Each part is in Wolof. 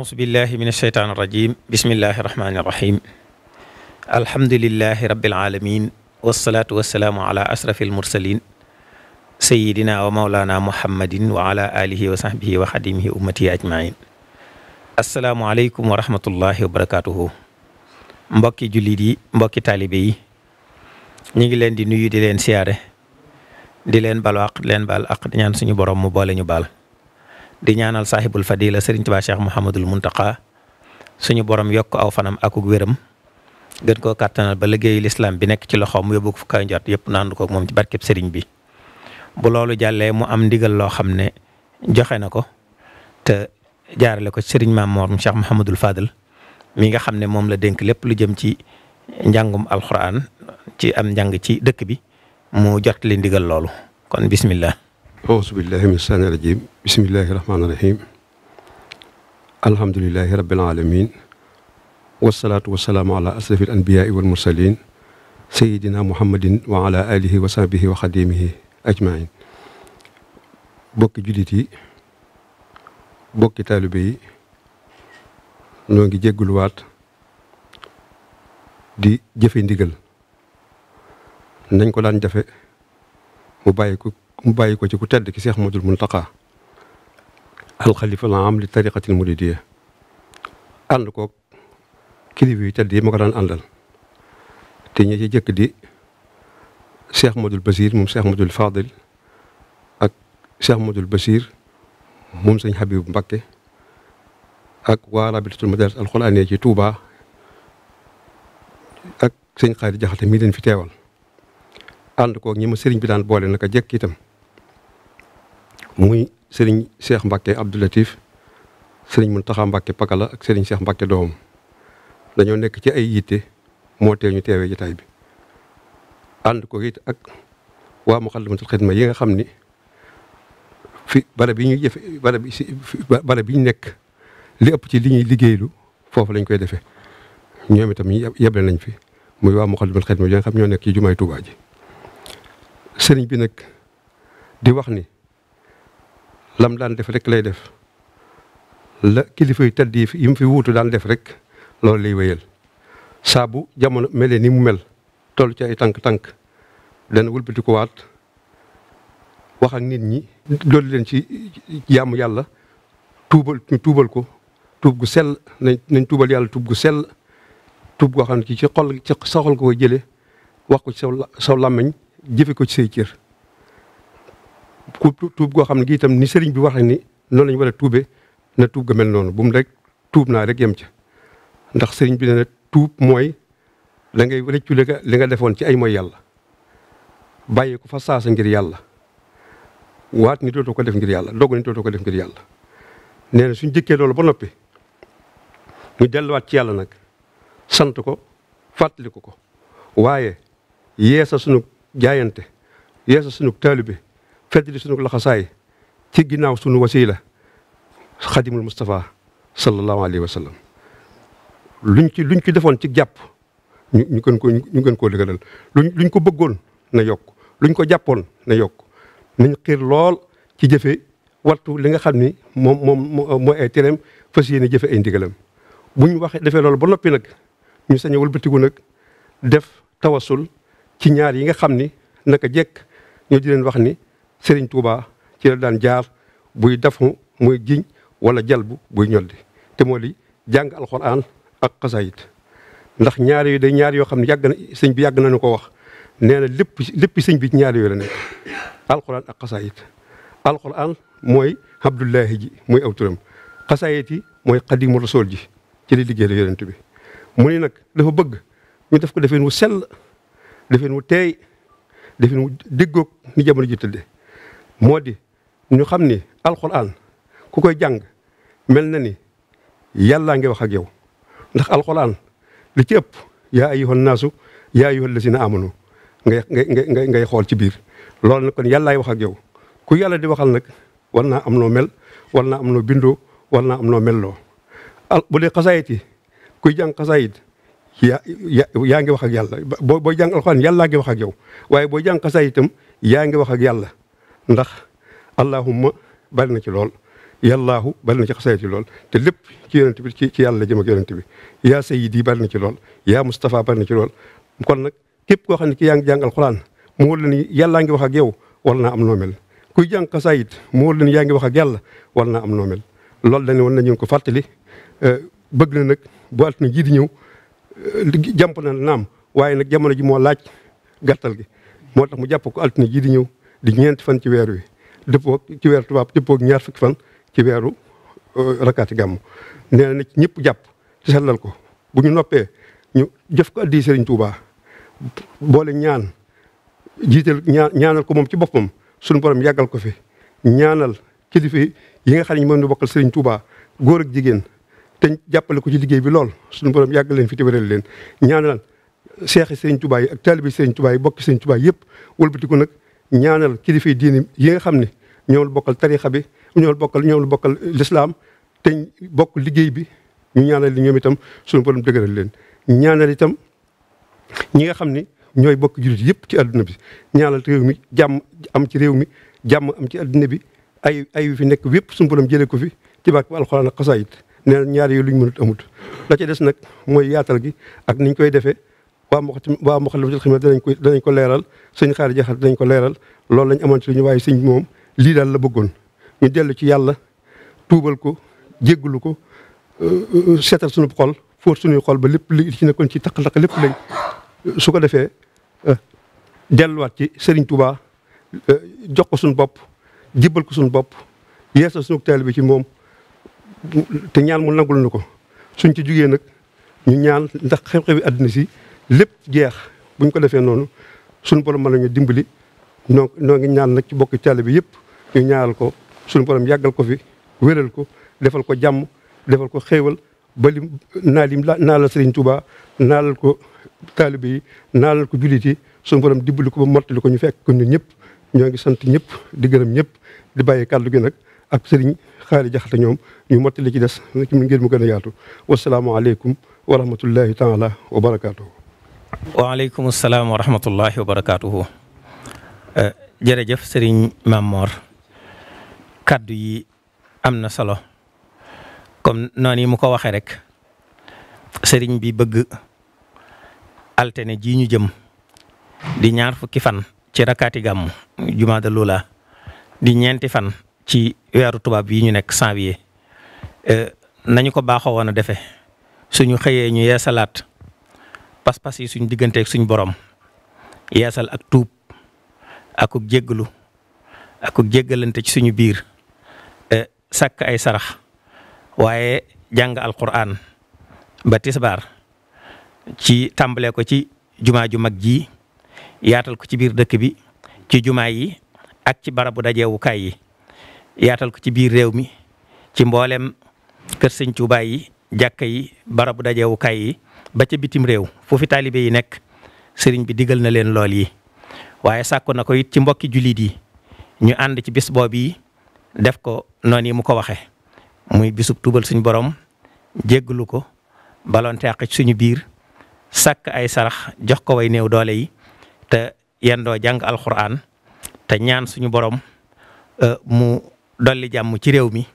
أعوذ بالله من الشيطان الرجيم بسم الله الرحمن الرحيم الحمد لله رب العالمين والصلاة والسلام على أشرف المرسلين سيدنا ومولانا محمد وعلى آله وصحبه وخديمه أمتي أجمعين السلام عليكم ورحمة الله وبركاته مبكي جليدي مبكي mbokki taalibe yi ñu ngi leen di nuyu di leen siyaare di leen baal wax di leen baal ak di di ñaanal saaxibul fadila sëriñ Tuubaa Cheikh Mouhamadul Muntaqa suñu boroom yokk aw fanam akuk wéram gën koo kàttanal ba liggéeyu lislaam bi nekk ci loxoom mu yóbbu ko fu kaw njort yëpp naandu ko moom ci barkeb sëriñ bi. bu loolu jàllee mu am ndigal loo xam ne joxe na ko te jaarale ko sëriñ maam moom Cheikh Mouhamadul Fadil mi nga xam ne moom la dénk lépp lu jëm ci njàngum alxuraan ci am njàng ci dëkk bi mu jot li ndigal loolu kon bismillah. أعوذ بالله من الشيطان الرجيم بسم الله الرحمن الرحيم الحمد لله رب العالمين والصلاة والسلام على أشرف الأنبياء والمرسلين سيدنا محمد وعلى آله وصحبه وخديمه أجمعين بوك jullit بوك طالبي taalibe yi وات دي جيفي نديغل نانكو دان جافي مو بايكو mu bàyyi ko ci ku tedd ki Cheikh Modou al alxalifa la am li tariqatil muridiyya ànd ko kilifa yu tedd yi ma ko daan àndal te ñi ci jëkk di Cheikh Modou Basir moom Cheikh Modou Fadil ak Cheikh Modou Basir moom sëñ Habib Mbacké ak waa rabitatul madaris alxuraaniyya ci Touba ak sëñ Xaari Jaxate mii leen fi teewal ànd koog ñi ma sëriñ bi daan boole naka jekk itam muy sëriñ Cheikh Mbacke Abdou Latif sëriñ Mountakha Mbacke Pakala ak sëriñ Cheikh Mbacke doomam dañoo nekk ci ay yitte moo ñu teewee jotaay bi ànd ko it ak waa Moukhaddamatoul ma yi nga xam ni fi barab yi ñuy jëfe ñu nekk li ëpp ci li ñuy liggéeylu foofu lañ koy defee ñoom itam yeble nañ fi muy waa Moukhaddamatoul Khidma yi nga xam ñoo nekk ci jumaay Tuubaa ji sëriñ bi nag di wax ni lam daan def rek lay def la kilifa yu teddi fi yim fi wutu daan def rek loolu lay wéyal saabu jamono mele ni mu mel toll ci ay tank-tank dan wëlbati ko wax ak nit ñi dolli leen ci jaamu yàlla tuubal ñu tuubal ko tuub gu sell nañ nañ tuubal yàlla tuub gu sell tuub goo xam ci ci xol ci sa ko jëlee wax ko ci saw saw làmmiñ jëfe ko ci say cër ku tuub goo xam ne gi itam ni sëriñ bi waxee ni noonu lañ war a tuube na tuub ga mel noonu bu mu rek tuub naa rek yem ca ndax sëriñ bi ne na tuub mooy da ngay rëccu li nga li nga defoon ci ay mooy yàlla bàyyi ko fa saasa ngir yàlla waat ni dootoo ko def ngir yàlla doog ni ko def ngir yàlla suñ jëkkee loolu ba noppi ñu delluwaat ci yàlla nag sant ko fàttaliku ko ko waaye yeesa sunu jaayante yeesa sunu taalibe fedd di sunu laxasaay ci ginnaaw sunu wasiila xadimul Moustapha sallallahu alayhi wa luñ ci luñ ci defoon ci jàpp ñu ñu gën ko ñu gën koo dëgëral luñ luñ ko bëggoon na yokk luñ ko jàppoon na yokk nañ xiir lool ci jëfe wattu li nga xam ni moom moom moo ay tereem fas yéene jëfe ay ndigalam buñ waxee defee loolu ba noppi nag ñu sañ a wëlbatiku nag def tawasul ci ñaar yi nga xam ni a jekk ñoo di leen wax ni Serigne Touba ci la daan jaar buy defu muy giñ wala jalbu buy ñolli te moo li jàng alxuraan ak xasaayid ndax ñaar yooyu day ñaar yoo xam ne yàgg na sëñ bi yàgg nañu ko wax nee na lépp lépp sëñ bi ci ñaar yooyu la nekk alxuraan ak xasaayid alxuraan mooy Abdullahi ji muy aw turam yi mooy xadimu rasool ji ci li liggéey la yonent bi mu ni nag dafa bëgg ñu def ko defeen wu sell defeen wu teey defeen wu déggoog ni jamono ji tëdde modi ñu xamni alquran ku koy jàng melna ni yalla ngi wax ak yow ndax alquran li ci ëpp ya ayyuhan nasu ya ayyuhal lazina amanu ngay ngay ngay ngay xool ci bir lool nak kon yalla wax ak yow ku yàlla di waxal nag war naa am noo mel war naa am noo bindoo war naa am noo melloo al bu dee xasaayit yi kuy jàng xasaayit ya ya ngi wax ak yàlla boo booy jàng alxuraan yàllaa ngi wax ak yow waaye booy jàng xasaayit ya yaa ngi wax ak yàlla ndax allahumma bari na ci lool yàllaahu bari na ci xasaayit yi lool te lépp ci yonent bi ci ci yàlla jëm ak yonent bi yaa sayyidi bari na ci lool yaa Moustapha bari na ci lool kon nag képp ko xam ne ki yaa ngi jàngal xuraan mu wóor la ni yàllaa ngi wax ak yow war naa am noo mel kuy jàng xasaayit mu wóor la ni yaa ngi wax ak yàlla war naa am noo mel loolu dañu woon na ko fàttali euh, bëgg na nag bu altine jii di ñëw euh, jàmp na naam waaye nag jamono ji moo laaj gàttal gi moo tax mu jàpp ko altine jii di ñëw di ñeenti fan ci weer wi dëppoo ci weer tubaab dëppoo ak ñaar fukki fan ci weeru euh, rakkaati gàmmu nee na ñëpp jàpp ci sellal ko bu ñu noppee ñu jëf ko addi Serigne Touba boole ñaan jiital ñaan ñaanal ko moom ci boppam suñu borom yàggal ko fi ñaanal kilifa yi nga xam ne moom nu bokkal Serigne Touba góor ak jigéen te jàppale ko ci liggéey bi lool suñu borom yàggal leen fi téwéral leen ñaanal seexi Serigne Touba yi ak taalibi Serigne bokk yi bokki Serigne Touba yëpp nag ñaanal kilifa diini yi nga xam ne ñoo bokkal tarixa bi ñoo bokkal ñoo bokkal lislaam te bokk liggéey bi ñu ñaanal li ñoom itam suñu borom leen. ñaanal itam ñi nga xam ni ñooy bokk jullit yëpp ci adduna bi ñaanal réew mi jàmm am ci réew mi jàmm am ci adduna bi ay ay fi nekk yëpp suñu borom jëlee ko fi ci barke alxuraan ak xasaayit nee na ñaari yooyu luñ mënut amut la ca des nag mooy yaatal gi ak niñ koy defee. waa ma waa Moukhaddamatoul Khidma danañ ko danañ ko leeral sëñ xaar jaxat danañ ko leeral loolu lañ amoon ci li ñu waaye sëñ bi moom lii daal la bëggoon ñu dellu ci yàlla tuubal ko jéggalu ko seetal suñu xol fóot suñuy xol ba lépp li ci nekkoon ci taq-taq lépp lañ su ko defee delluwaat ci Serigne Touba jox ko suñu bopp jibbal ko suñu bopp yeesal suñu teel bi ci moom te ñaan mu nangul na suñ ci jugee nag ñu ñaan ndax xew-xewi àddina si lépp jeex bu ko defee noonu suñu borom mën nañu dimbali donc noo ngi ñaan nag ci bokki taalibe bi yëpp ñu ñaaral ko suñu borom yàggal ko fi wéral ko defal ko jàmm defal ko xéewal ba naa lim naalal Sëriñ Tuubaa naalal ko taalibe yi naalal ko jullit yi suñu borom dimbali ko ba mottali ko ñu fekk ko ñun ñëpp ñoo ngi sant ñëpp di gërëm ñëpp di bàyyi kàddu gi nag ak sëriñ xaali jaxate ñoom ñu mottali ci des ngir mu gën a yaatu wasalaamualeykum wa rahmatullahi taala waaleykum salaam wa rahmatullahi wa barakaatuhu. Eh, jërëjëf sëriñ Mamor kàddu yi am na solo comme noonu yi mu ko waxee rek sëriñ bi bëgg altine ji ñu jëm di ñaar fukki fan ci rakkaati gàmm jumaada lula di ñeenti fan ci weeru tubaab yi ñu nekk janvier eh, nañu ko baaxoo woon a defee suñu xëyee ñu salaat pas-pas yi suñ ak suñ borom yaasal ak ak akuk jéggalu ak jéggalanté ci suñu biir e, sàkk ay sarax waaye jàng alquran ba tisbar ci tambalé ko ci jumaa ju mag ji yaatal ko ci biir dëkk bi ci jumaa yi ak ci barabu kay yi yaatal ko ci biir réew mi ci mboolem kër sëñ touba yi yi barabu kay yi ba ca bitim réew fu fi taalibe yi nekk sëriñ bi digal na leen lool yi waaye sàkku na ko it ci mbokki jullit yi ñu ànd ci bis boobu yi def ko noonu yi mu ko waxe muy bisub tubal suñu borom jégglu ko balonte àq ci suñu biir sàkk ay sarax jox ko way néew doole yi te yendoo jàng alxuraan te ñaan suñu boroom euh, mu dolli jàmm ci réew mi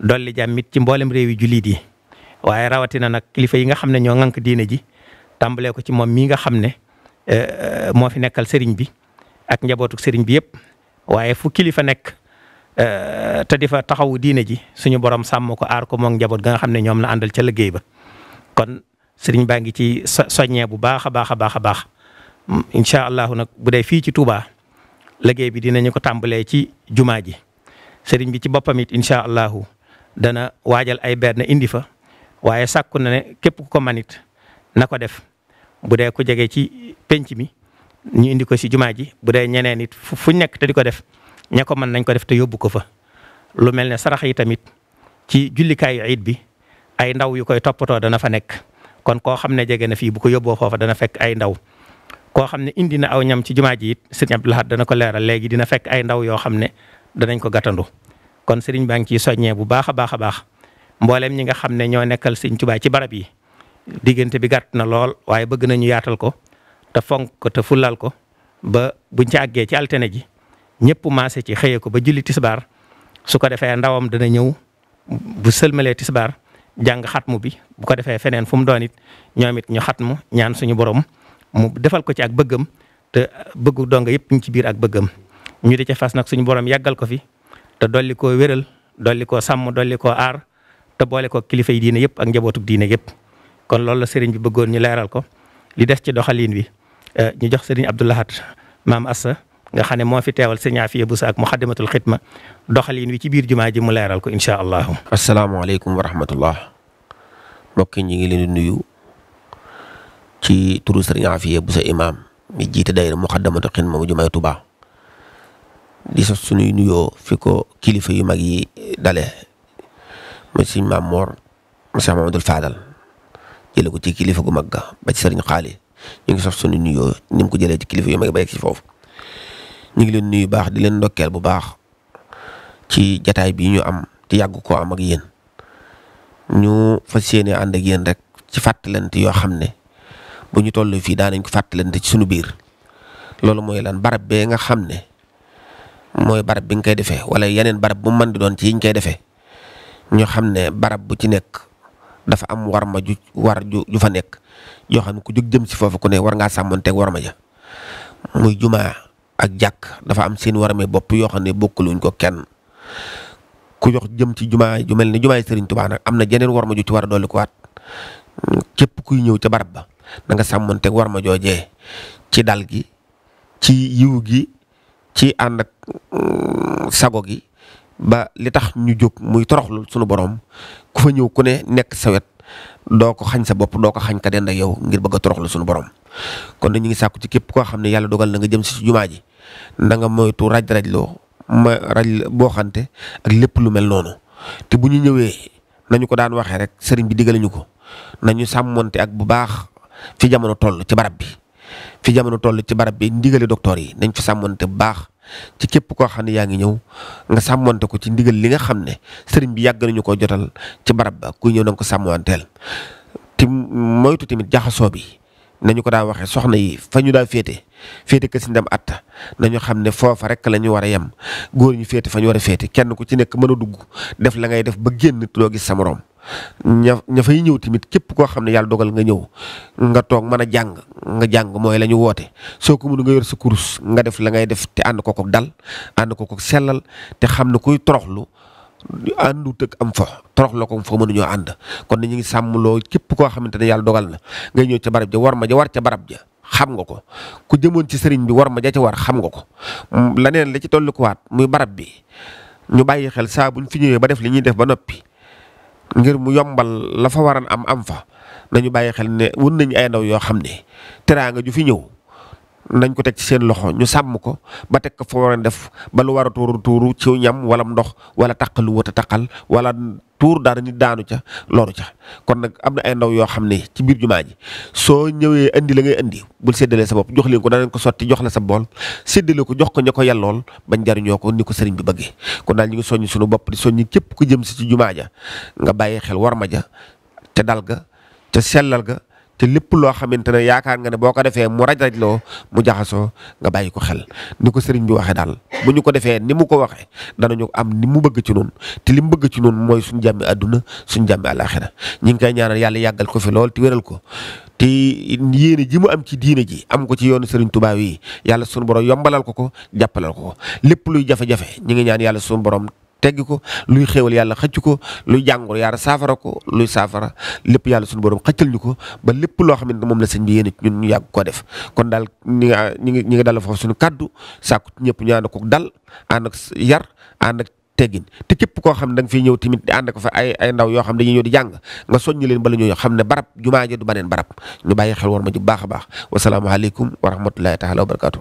dolli jàmm it ci mboolem réew yi jullit yi waaye rawatina nag kilifa yi nga xam ne ñoo ŋànk diina ji tàmbalee ko ci moom mii nga xam ne eh, eh, moo fi nekkal sëriñ bi ak njabootu sëriñ bi yëpp waaye fu kilifa nekk eh, te di fa taxawu diine ji suñu borom sàmm ko aar ko moom njaboot ga nga xam ne ñoom la àndal ca liggéey ba kon sëriñ baa ngi ci soññee bu baax a baax a baax a baax incha allahu nag bu dee fii ci Touba liggéey bi dinañu ko tàmbalee ci jumaa ji sëriñ bi ci boppam it incha allahu dana waajal ay benn indi fa. waaye sàkku na ne képp ku ko manit na ko def bu dee ku jege ci penc mi ñu indi ko si jumaa ji bu dee ñeneen it fu nekk te di ko def ña ko mën nañ ko def te yóbbu ko fa lu mel ne sarax yi tamit ci jullikaayu iid bi ay ndaw yu koy toppatoo dana fa nekk kon koo xam ne jege na fii bu ko yóbboo foofa dana fekk ay ndaw koo xam ne indi na aw ñam ci jumaa ji it sëriñ Abdou Lahad dana ko leeral léegi dina fekk ay ndaw yoo xam ne danañ ko gàttandu kon sëriñ baa ngi ciy soññee bu baax a baax a baax mboolem ñi nga xam ne ñoo nekkal Sëñ Tuubaa ci barab yi diggante bi gàtt na lool waaye bëgg nañu yaatal ko te fonk ko te fulal ko ba bu ci àggee ci altine ji ñëpp maase ci xëyee ko ba julli tisbaar su ko defee ndawam dana ñëw bu sëlmalee tisbaar jàng xatmu bi bu ko defee feneen fu mu doon it ñoom it ñu xatmu ñaan suñu borom mu defal ko ci ak bëggam te bëggu donga yëpp ñu ci biir ak bëggam ñu de ca fas nag suñu borom yàggal ko fi te dolli koo wéral dolli koo te boole ko kilifa yi diine yëpp ak njabootuk diine yëpp kon loolu la sëriñ bi bëggoon ñu leeral ko li des ci doxaliin wi euh, ñu jox sëriñ Abdoulahat maam Assa nga xam moo fi teewal sëriñ Afiya Busa ak muxaddamatul xidma doxalin wi ci biir jumaa ji mu leeral ko incha allahu. asalaamaaleykum wa rahmatullah mbokk ñi ngi leen nuyu ci turu sëriñ Afiya Busa imaam mi jiite daayira muxaddamatul xidma mu jumaay Tuubaa di sax suñuy nuyoo fi ko kilifa yu mag yi dale muy sëñ maam Mor Moussa Mamadou Fadal jëlee ko ci kilifa gu mag ga ba ci sëriñ Xaali ñu ngi sof suñu nuyoo ni mu ko jëlee ci kilifa yu mag ba yegg si foofu ñu ngi leen nuyu baax di leen ndokkeel bu baax ci jataay bi ñu am te yàgg koo am ak yéen ñu fas yéene ànd ak yéen rek ci fàttalante yoo xam ne bu ñu toll fii daanañ ko fàttalante ci suñu biir loolu mooy lan barab bee nga xam ne mooy barab bi nga koy defee wala yeneen barab bu mën di doon ci yiñ koy defee ñu xam ne barab bu ci nekk dafa am war ma ju war ju ju fa nekk yoo xam ne ku jóg jëm si foofu ku ne war ngaa sàmmanteeg war ma ja muy jumaa ak jàkk dafa am seen warme bopp yoo xam ne bokkuluñ ko kenn ku jox jëm ci jumaa ju mel ne jumaay Serigne Touba nag am na jeneen war ma ju ci war a dolli ko waat képp kuy ñëw ca barab ba na nga sàmmanteeg war ma joojee ci dal gi ci yiw gi ci ànd mm, sago gi ba li tax ñu jog muy toroxlu sunu borom ku fa ñew ku ne nek sawet do ko xagn sa bop do ko xagn ka den ak yow ngir bëgg toroxlu sunu borom kon ñu ngi sakku ci kep ko xamne yalla dogal na nga jëm si juma ji na nga moytu raj raj lo ma raj bo xante ak lepp lu mel nonu te bu ñu ñëwee nañu ko daan waxee rek sëriñ bi digale ñu ko nañu samonté ak bu baax fi jamono toll ci barab bi fi jamono toll ci barab bi ndigalé docteur yi nañ fi samonté baax ci képp koo xam ne yaa ngi ñëw nga sàmmante ko ci ndigal li nga xam ne sëriñ bi yàgg nañu ko jotal ci barab ba kuy ñëw na nga ko sàmmanteel te moytu tamit jaxasoo bi nañu ko daan waxee soxna yi fa ñu daan féete féete kër si ndam atta nañu xam ne foofa rek la ñu war a yem góor ñu féete fa war a feete kenn ku ci nekk mën a dugg def la ngay def ba génn doo gis sa morom ña ña fay ñëw tamit képp koo xam ne yàlla dogal nga ñëw nga toog mën a jàng nga jàng mooy la ñu woote soo ko mun nga yor sa kurus nga def la ngay def te ànd ko ko dal ànd ko ko sellal te xam ne kuy toroxlu àndu tëkk am fa torox la ko fa mënuñoo ànd kon ni ñu ngi sàmmloo képp koo xamante ne yàlla dogal na ngay ñëw ca barab ja war ma ja war ca barab ja xam nga ko ku jëmoon ci sëriñ bi war ma ja ca war xam nga ko leneen la ci tollu ko waat muy barab bi ñu bàyyi xel saa buñ fi ñëwee ba def li ñuy def ba noppi ngir mu yombal la fa waran am am fa nañu bàyyi xel ne wun nañ ay ndaw yoo xam ne teraanga ju fi ñëw nañ ko teg ci seen loxo ñu sàmm ko ba teg ko foo war def ba lu war a tuuru tuuru ci ñam wala ndox wala taq lu wët a taqal wala tuur dara nit daanu ca loolu ca kon nag am na ay ndaw yoo xam ne ci biir jumaa ji soo ñëwee indi la ngay indi bul séddalee sa bopp jox leen ko danañ ko sotti jox la sa bool séddale ko jox ko ña ko yellool bañ jariñoo ko ni ko sëriñ bi bëggee kon daal ñu ngi soññ suñu bopp di soññ képp ku jëm si ci jumaa ja nga bàyyi xel war ma ja te dal ga te sellal ga te lépp loo xamante ne yaakaar nga ne boo ko defee mu raj-raj loo mu jaxasoo nga bàyyi ko xel ni ko sëriñ bi waxee daal bu ñu ko defee ni mu ko waxee danañu am mu bëgg ci noonu te li mu bëgg ci noonu mooy suñu jàmmi àdduna suñ jàmmi àlaaxira ñi ngi koy ñaanal yàlla yàggal ko fi lool te wéral ko ti yéene ji mu am ci diine ji am ko ci yoonu Serigne Touba yi yàlla sunu borom yombalal ko ko jàppalal ko ko lépp luy jafe-jafe ñi ngi ñaan yàlla sunu borom teggi ko luy xewal yalla xëcc ko luy jàngoro yar saafara ko luy safara lepp yalla sun borom xëccal ñuko ba lepp lo xamne mom la señ bi yene ñun ñu yàgg ko def kon dal ñi nga ñi dal foofu suñu kaddu sàkku ñëpp ñu ko dal and ak yar and ak teggin te kep ko xamne dang fi ñew timit and ko fa ay ay ndaw yo xamne dañuy ñëw di jang nga soñu leen ba la xam xamne barab juma ja du baneen barab ñu baye xel war ma ju baaxa baax wa salaamu alaykum wa rahmatullahi taala wa barakatuh